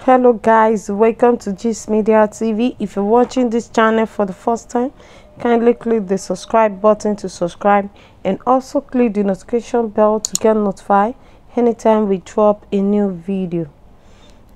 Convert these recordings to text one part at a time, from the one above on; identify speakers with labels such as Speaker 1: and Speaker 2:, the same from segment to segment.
Speaker 1: hello guys welcome to gist media tv if you're watching this channel for the first time kindly click the subscribe button to subscribe and also click the notification bell to get notified anytime we drop a new video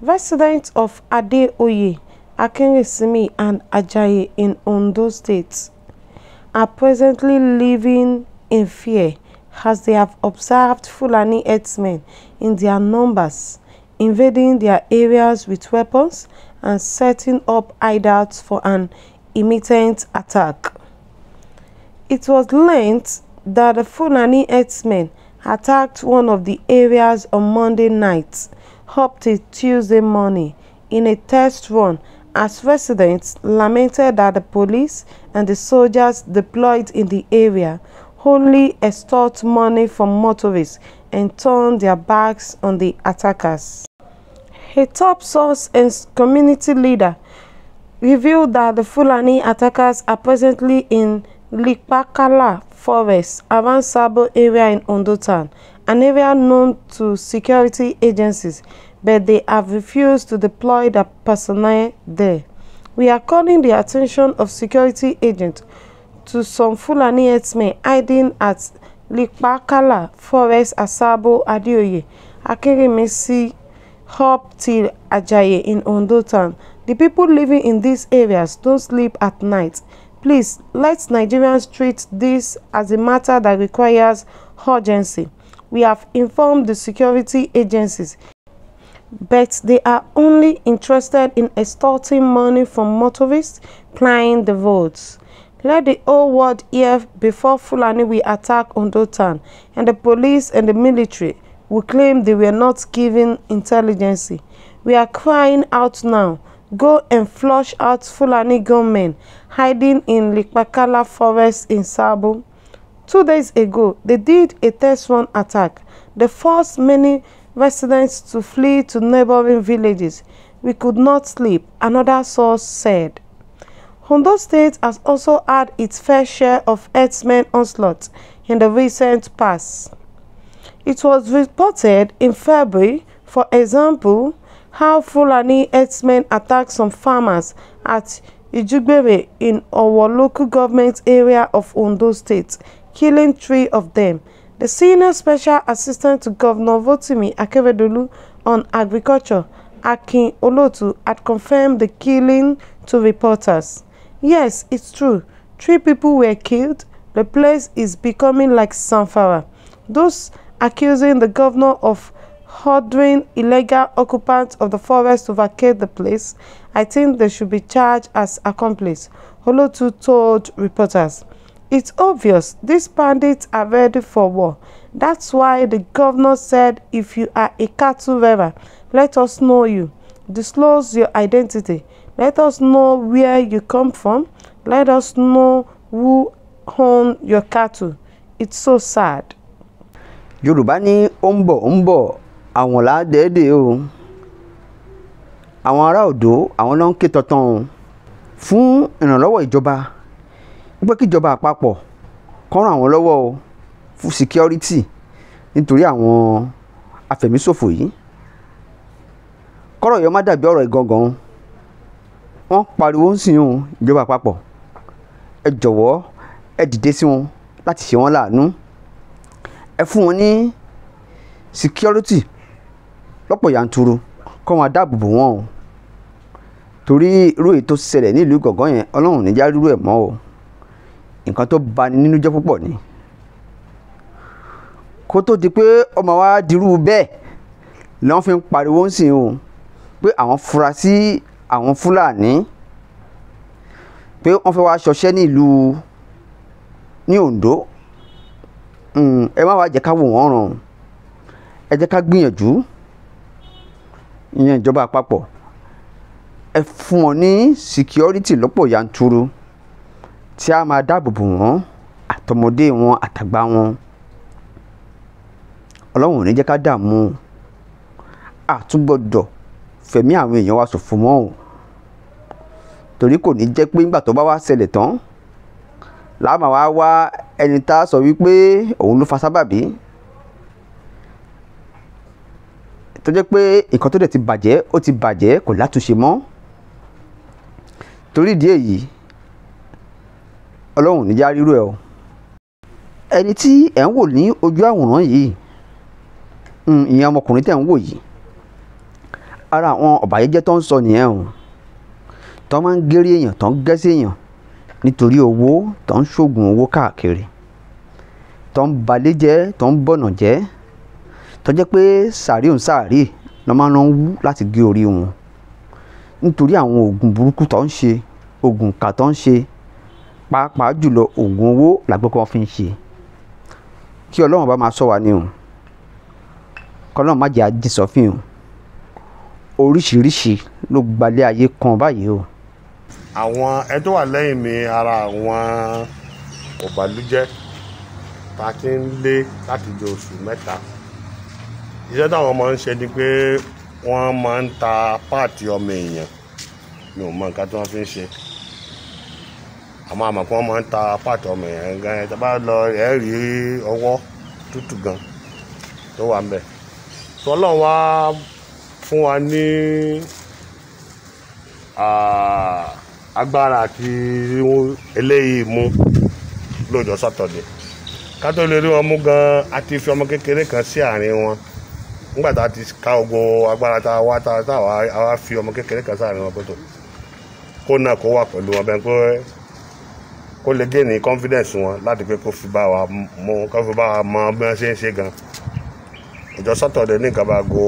Speaker 1: residents of adeoye akinrisimi and ajayi in ondo states are presently living in fear as they have observed Fulani herdsmen in their numbers invading their areas with weapons and setting up hideouts for an imminent attack. It was learnt that the Fulani herdsmen attacked one of the areas on Monday night up to Tuesday morning in a test run as residents lamented that the police and the soldiers deployed in the area wholly extort money from motorists and turned their backs on the attackers. A top source and community leader revealed that the Fulani attackers are presently in Lipakala Forest around Sabo area in Ondo town, an area known to security agencies but they have refused to deploy their personnel there. We are calling the attention of security agents to some Fulani men hiding at Lipakala Forest Asabo Adeoye, Akirimisi up till Ajaye in Ondo Town. The people living in these areas don't sleep at night. Please, let Nigerians treat this as a matter that requires urgency. We have informed the security agencies but they are only interested in extorting money from motorists plying the roads. Let the whole world hear before Fulani will attack Ondo town, and the police and the military will claim they were not given intelligence. We are crying out now. Go and flush out Fulani gunmen hiding in Likpakala forest in Sabu. Two days ago, they did a test run attack. The first many residents to flee to neighboring villages. We could not sleep, another source said. Hondo State has also had its fair share of herdsmen onslaught in the recent past. It was reported in February, for example, how Fulani herdsmen attacked some farmers at Ijugbere in our local government area of Ondo State, killing three of them The Senior Special Assistant to Governor Votimi Akeredolu on Agriculture, Akin Olotu, had confirmed the killing to reporters. Yes, it's true. Three people were killed. The place is becoming like Sanfara. Those accusing the governor of ordering illegal occupants of the forest to vacate the place, I think they should be charged as accomplices, Holotu told reporters. It's obvious these bandits are ready for war. That's why the governor said if you are a cattle rearer, let us know you. Disclose your identity. Let us know where you come from. Let us know who own your cattle. It's so sad. Yorùbá ní ó ń bọ̀ ó
Speaker 2: ń o àwọn ará Oǹdó àwọn náà ń ké tọ̀tàn fún ìrànlọ́wọ́ ó pé kíjọba àpapọ̀ kán ràn wọ́n lọ́wọ́ o fún security nítorí àwọn afẹ̀míṣòfò yìí kọ́rọ̀ yọ má dàbí ọ̀rọ̀ ìgangan wọ́n pariwo ń sìn òun ìjọba àpapọ̀ ẹ jọ̀wọ́ ẹ dìde sí wọn láti ṣe wọn láàánú ẹ fún wọn ní security lọ́pọ̀ yanturu kọ́ wọn dáàbò bò wọ́n o torí irú èyí tó ṣẹlẹ̀ nílùú gọ̀ngàn yẹn ọlọ́run níjà rírú ẹ̀ mọ́ o nǹkan tó bani nínú jẹ́ púpọ̀ ni kó tó di pé ọmọ wa dirú bẹ́ẹ̀ lọ́n fi ń pariwo ń sìn o pé àwọn fura sí àwọn fúlàní pé wọ́n fẹ́ wá ṣọṣẹ́ ní ìlú ní Ondo hmm, ẹ má wàá jẹ́ ká wò wọ́n ràn ẹ jẹ́ ká gbìyànjú ìyẹn ìjọba àpapọ̀ ẹ fún wọn ní security lọ́pọ̀ yanturu tí a máa dáàbò bò wọ́n àtọmọdé wọn àtàgbà wọn ọlọ́run ò ní jẹ́ ká dààmú àtúgbọ̀dọ̀ fẹ̀mí àwọn èèyàn wa ṣòfò mọ́ o torí kò ní jẹ́ pé nígbà tó bá wá ṣẹlẹ̀ tán láàmà wá wá ẹni tá a sọ wípé òun ló fa sábàbí tó jẹ́ pé nǹkan tó dẹ̀ ti bàjẹ́ ó ti bàjẹ́ kò látúnṣe mọ́ torí ìdí èyí ọlọ́run níjà rírú ẹ o ẹni tí ẹ̀ ń wò ní ojú àwòrán yìí hmm, ìyẹn ọmọkùnrin tẹ̀ ń wò yìí ara àwọn ọ̀bàyéjẹ́ tó ń sọ nìyẹn o tó máa ń gérí èèyàn tó ń gẹ́sí èèyàn nítorí owó tó ń ṣoògùn owó káàkiri tó ń balẹ̀ jẹ́ tó ń bọ̀nà jẹ́ tó jẹ́ pé sàárì òun sàárì ló máa ń wú láti gé orí wọn nítorí àwọn oògùn burúkú tó ń ṣe oògùn kà tó ń ṣe pàápàá jùlọ oògùn owó làgbọ́ kí fi ń ṣe kí ọlọ́run bá máa sọ wá ní o kọlọ́run má jẹ́ àjísọ́fín o oríṣiríṣi ló gbalẹ̀ ayé kan báyìí o.
Speaker 3: àwọn ẹ tó wà lẹ́yìn mi ara àwọn ọ̀bàlújẹ́ ta ti ń lé láti jọ oṣù mẹ́ta iṣẹ́ táwọn ọmọ ń ṣe ni pé wọ́n máa ń ta páàtì ọmọ èèyàn mi ò mọ nǹkan tí wọ́n fi ń ṣe. àmọ́ àmọ́ kí wọ́n máa ń ta pàtó ọmọ yẹn gan ẹ̀ bá gan tó wà ń bẹ̀ fún wa ní agbára àti eléyìí mú lọ́jọ́ sátọ̀dẹ̀ ká rí wọn mú gan a fi ọmọ kékeré kan sí àárín wọn ti ká ogo agbára tá a fi ọmọ kékeré kan wọn pẹ̀tọ̀ kó náà kó wà pẹ̀lú wọn bẹ́ẹ̀ pé kó lè gé ní confidence wọn láti pé kó fi bá wa mọ kó fi bá wa mọ bí wọ́n ṣe ń ṣe gan ìjọ sátọ̀dẹ̀ ní nǹkan bá go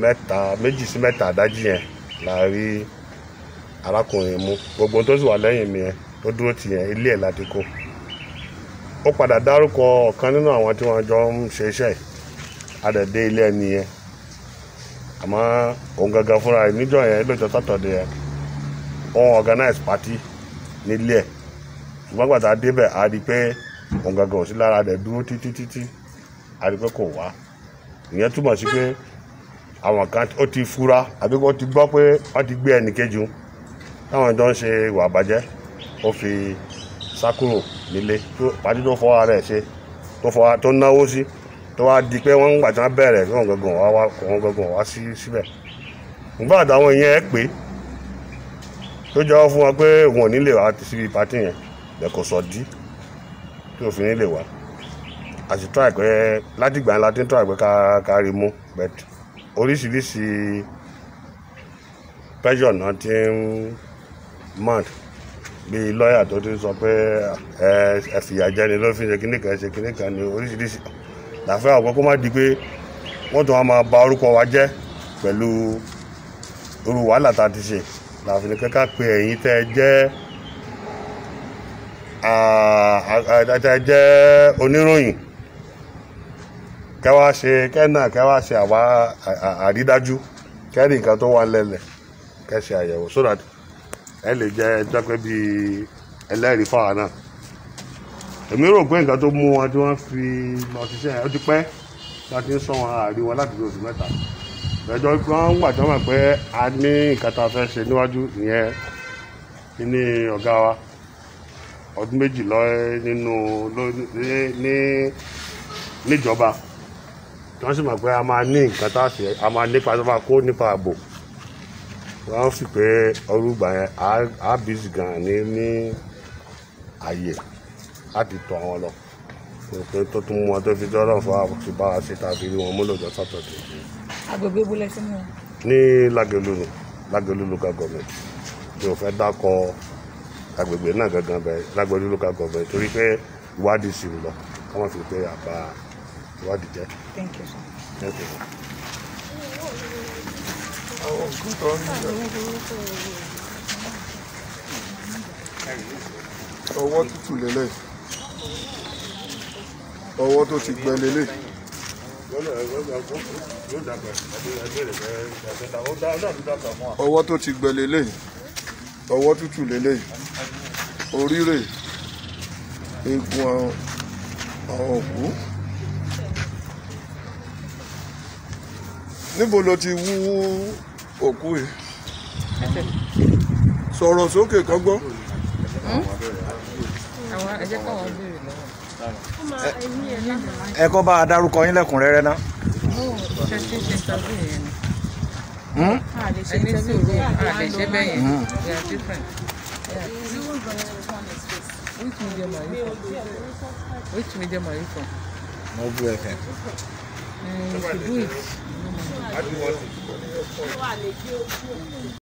Speaker 3: mẹ́ta méjì sí mẹ́ta àdájì yẹn la rí arákùnrin mú gbogbo tó sì wà lẹ́yìn mi yẹn tó dúró tì yẹn ilé ẹ̀ láti kó ó padà dárúkọ ọ̀kan nínú àwọn tí wọ́n jọ ń ṣe iṣẹ́ yìí ilé ẹni yẹn àmọ́ òun gangan fúnra ẹ̀ níjọ́ yẹn lójọ́ sátọ̀dẹ̀ yẹn òun organize party nílé ẹ̀ ṣùgbọ́n gbàtà débẹ̀ a rí i pé òun ò sí lára rẹ̀ dúró títí títí a rí i pé kò wá ìyẹn túmọ̀ sí kan ó fura àbí ti gbọ́ pé wọ́n ti gbé ẹnìkejì táwọn ìjọ ń ṣe ìwà àbàjẹ́ ó fi sákúrò nílé pàdé tó fọ́ ara ṣe tó náwó sí tó di pé wọ́n ń gbàtà bẹ̀rẹ̀ tí wọ́n si wá wá wọ́n gangan wá sí síbẹ̀ wọn pé ò bẹ́ẹ̀ kò sọ dí tí òfin lè wá àti tó àgbẹ̀ ládìgbà ńlá tí ń tó àgbẹ̀ kárí mú but oríṣiríṣi pressure náà ti ń mount bíi lọ́ọ̀yà tó ti ń sọ pé ẹ fìyà jẹni ló fi ṣe kíní kan ṣe kíní kan ní oríṣiríṣi làfẹ́ àwọn kó má di pé wọ́n tún wá máa ba orúkọ wa jẹ́ pẹ̀lú irú wàhálà tá a ti ṣe làfin kẹ́kẹ́ pé ẹ̀yin tẹ́ ẹ jẹ́ àtẹ jẹ́ oníròyìn kẹwàá ṣe kẹ́nà kẹwàá ṣe àwa àrídájú kẹ́rì nǹkan tó wà lẹ́lẹ̀ kẹ́ṣe àyẹ̀wò so that ẹ lè jẹ́ ẹjọ́ pé bíi ẹlẹ́rìí fáwa náà èmi rò pé nǹkan tó mú wọn tí wọ́n fi lọ ṣiṣẹ́ ẹ ti pẹ́ láti ń sọ wọn àárí wọn láti fi oṣù mẹ́ta ìgbẹ́jọ́ wọn gbà tó mọ̀ pé a ní nǹkan tá a fẹ́ ṣe níwájú ìyẹn ní ọ̀gá wa ọdún méjì lọ nínú ní níjọba tí wọ́n sì mọ̀ pé a máa ní nǹkan tá a ṣe a máa nípa tó máa kó nípa ààbò wọ́n sì pé ọlùgbà yẹn á bìsì gan ní ní àyè láti tọ̀ àwọn lọ pé tó tún mú wọn tó fi dọ́rọ̀ fún wa ti bá ṣe tá rí wọn mú lọ́jọ́ sátọ̀dẹ̀.
Speaker 1: agbègbè bulẹ̀ sínú.
Speaker 3: ní Lagelu nù Lagelu local government mi fẹ́ dákọ̀ agbègbè náà gangan bẹ lágbọ́dún local government torí pé ìwádìí sì ń lọ kí wọ́n fi pé àbá ìwádìí jẹ́. Thank you, sir. Thank you.
Speaker 1: Oh, good on you.
Speaker 3: ọwọ́ tútù lélẹ̀ ọwọ́ tó ti gbẹ lélẹ̀ ọwọ́ tó ti gbẹ lélẹ̀ ọwọ́ tútù lélẹ́yìí oríire eegun àwọn òkú níbo lo ti wú òkú yìí sọ̀rọ̀ sókè kan gbọ́. Hmm. ẹ kọ́ bá a dárúkọ yín lẹ́kùnrẹ́rẹ́ ná.
Speaker 1: Oh, ẹni sòrò a lè ṣe bẹ́ẹ̀ yẹn they are different. Which medium are you from? Which medium are you from? Nobu FM. Mm, you should do it. I do want it.